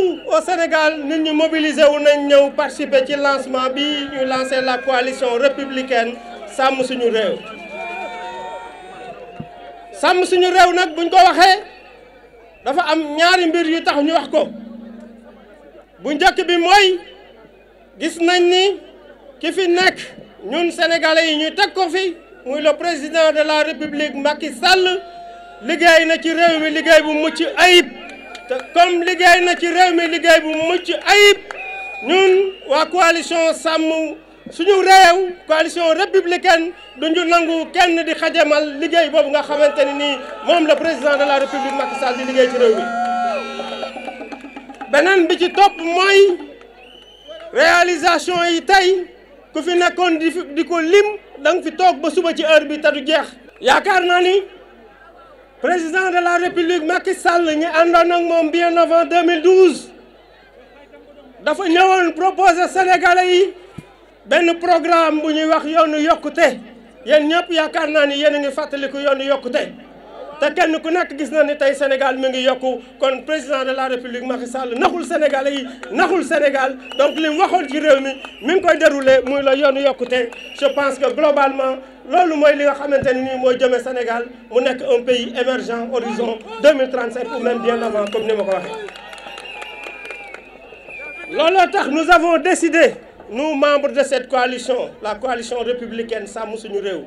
partout au Sénégal nit ñu mobiliser wu nañ ñëw participer ci lancement bi ñu lancé la coalition républicaine sàmm suñu réew sàmm suñu réew nag buñ ko waxee dafa am ñaari mbir yu tax ñu wax ko bu njëkk bi mooy gis nañ ni ki fi nekk ñun sénégalais yi ñuy teg ko fi muy le président de la république Macky Sall liggéey na ci réew mi liggéey bu mucc ayib te comme liggéey na ci réew mi liggéey bu mucc ayib ñun waa coalition sàmm suñu réew coalition républicaine duñu nangu kenn di xajamal liggéey boobu nga xamante ni nii moom la président de la république Macky Sall di liggéey ci réew mi beneen bi ci topp mooy réalisation yi tey ku fi nekkoon di ko lim da nga fi toog ba suba ci heure bi te du jeex yaakaar naa ni président de la république Macky Sall ñi àndoon ak moom bien avant 2012 dafa ñëwoon proposé sénégalais yi benn programme bu ñuy wax yoonu yokkute yen ñëpp yaakaar naa ni yéen a ngi fàttaliku yoonu yokkute. te kenn ku nag gis na ni tey Sénégal mi ngi yokku kon président de la république Macky Sall naxul Sénégalais yi Sénégal donc li mu waxoon ci réew mi mi ngi koy déroulé muy la yoonu yokkute je pense que globalement loolu mooy li nga xamante ni nii mooy jëmee Sénégal mu nekk un pays émergent horizon 2035 ou même bien avant comme ni ma ko waxee. tax nous avons décidé nous membres de cette coalition la coalition républicaine sàmm suñu réew.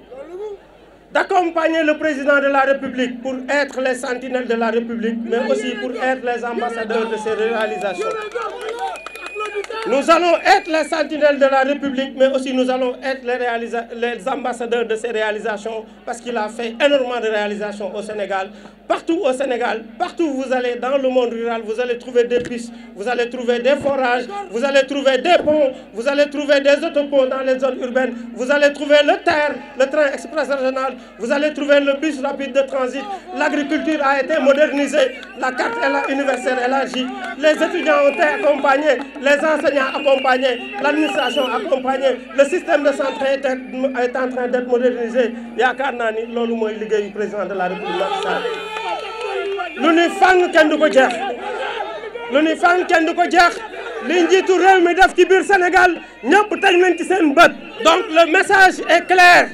d'accompagner le président de la République pour être les sentinelles de la République, mais aussi pour être les ambassadeurs de ses réalisations. Nous allons être les sentinelles de la République, mais aussi nous allons être les, les ambassadeurs de ces réalisations, parce qu'il a fait énormément de réalisations au Sénégal. Partout au Sénégal, partout où vous allez dans le monde rural, vous allez trouver des pistes, vous allez trouver des ponts, vous allez autoponts dans les zones urbaines, vous allez trouver le terre, rapide de transit. L'agriculture a été modernisée, la carte est là, universelle les étudiants soignants accompagnés, l'administration accompagnée, le système de santé est en train d'être modernisé. yaakaar naa ni loolu mooy liggéeyu président de la République Macky Sall lu ñuy fang kenn du ko jeex lu ñuy fang kenn li njiitu réew def ci biir Sénégal ñëpp teg nañ ci seen bët. donc le message est clair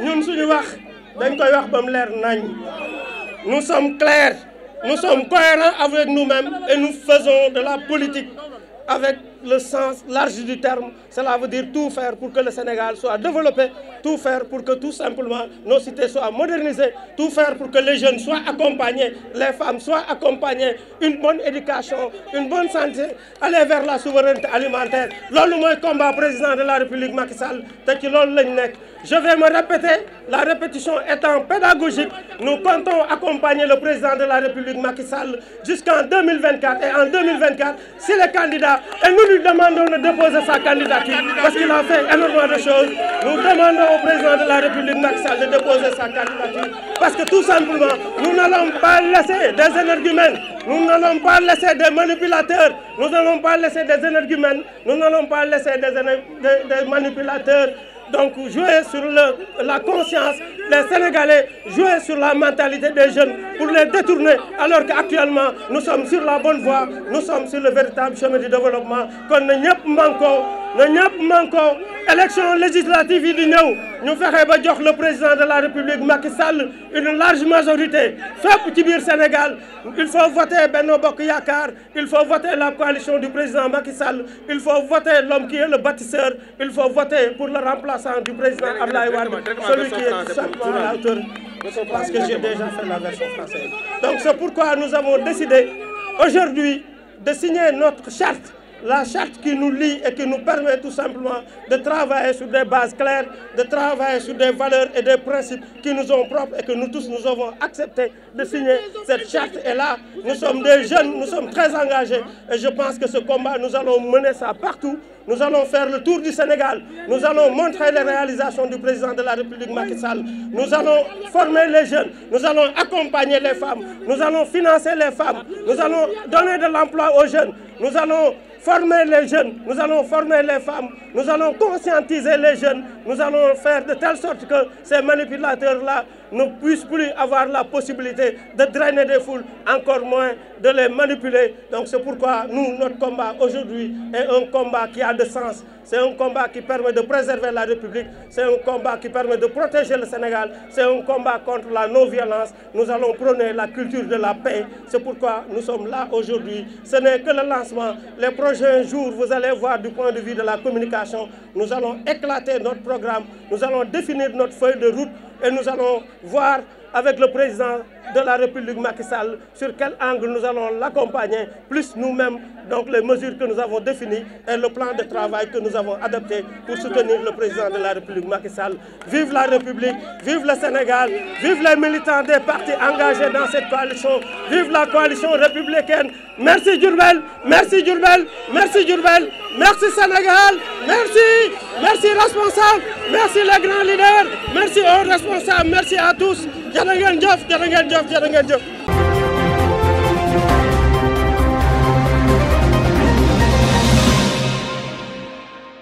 ñun suñu wax dañ koy wax ba mu leer nañ nous sommes clairs nous sommes cohérents avec nous-mêmes et nous faisons de la politique avec le sens large du terme, cela veut pour que le Sénégal soit développé, tout faire pour que tout simplement nos cités soient modernisées, tout faire pour que les jeunes soient accompagnés, les femmes soient accompagnées, une bonne éducation, la souveraineté alimentaire. Loolu mooy combat président de la République Macky la répétition étant pédagogique, nous comptons lui demandons de déposer sa candidature parce qu'il a fait énormément de Nous demandons au président de la République, Macky de déposer sa candidature parce que tout simplement, nous n'allons pas laisser des énergumènes, nous n'allons pas laisser des manipulateurs, nous n'allons pas laisser des énergumènes, nous n'allons pas laisser des, des, des manipulateurs Donc jouer sur le, la conscience les Sénégalais, jouer sur la mentalité des jeunes pour les détourner alors qu'actuellement nous sommes sur la bonne voie, nous sommes sur le véritable chemin du développement. Qu'on ne manquons na ñëpp man ko élection législative yi di ñëw ñu fexe ba jox le président de la république Macky Sall une large majorité fépp ci biir Sénégal il faut voter ben Bokk Yaakaar il faut voter la coalition du président Macky Sall il faut voter l'homme qui est le bâtisseur il faut voter pour le remplaçant du président Abdoulaye Wade celui qui est tout simplement à la hauteur parce que de signer notre charte la charte qui nous lie et qui nous permet tout simplement de travailler sur des bases claires, de travailler sur des valeurs et des principes qui nous sont propres et que nous tous nous avons accepté de signer. Cette charte est là, nous sommes des jeunes, nous sommes très engagés et je pense que ce combat, nous allons mener ça partout. Nous allons faire le tour du Sénégal, nous allons montrer les réalisations président de la République Macky Sall, nous allons former les jeunes, nous allons accompagner les femmes, nous allons financer les femmes, nous allons donner de l'emploi aux jeunes, nous allons former les jeunes, nous allons former les femmes, nous allons conscientiser les jeunes nous allons faire de telle sorte que ces manipulateurs-là ne puissent plus avoir la possibilité de drainer des foules, encore moins de les manipuler. Donc c'est pourquoi nous, notre combat aujourd'hui est un combat qui a de sens. C'est un combat qui permet de préserver la République, c'est un combat qui permet de protéger le Sénégal, c'est un combat contre la non-violence. Nous allons prôner la culture de la paix. C'est pourquoi nous sommes là aujourd'hui. Ce n'est que la communication, programme, nous allons définir notre feuille de route et nous allons voir avec le président de la République Macky Sall sur quel angle nous allons l'accompagner, plus nous-mêmes, donc les mesures que nous avons définies et le plan de travail que nous avons adopté pour soutenir le président de la République Macky Sall. Vive la République, vive le Sénégal, vive les militants des partis engagés dans cette coalition, vive la coalition républicaine. Merci Durbel, Merci Sénégal, merci, merci responsable, merci les grands leaders, merci aux responsables, merci à tous. Jërë ngeen jëf, jërë ngeen jëf, jërë ngeen jëf.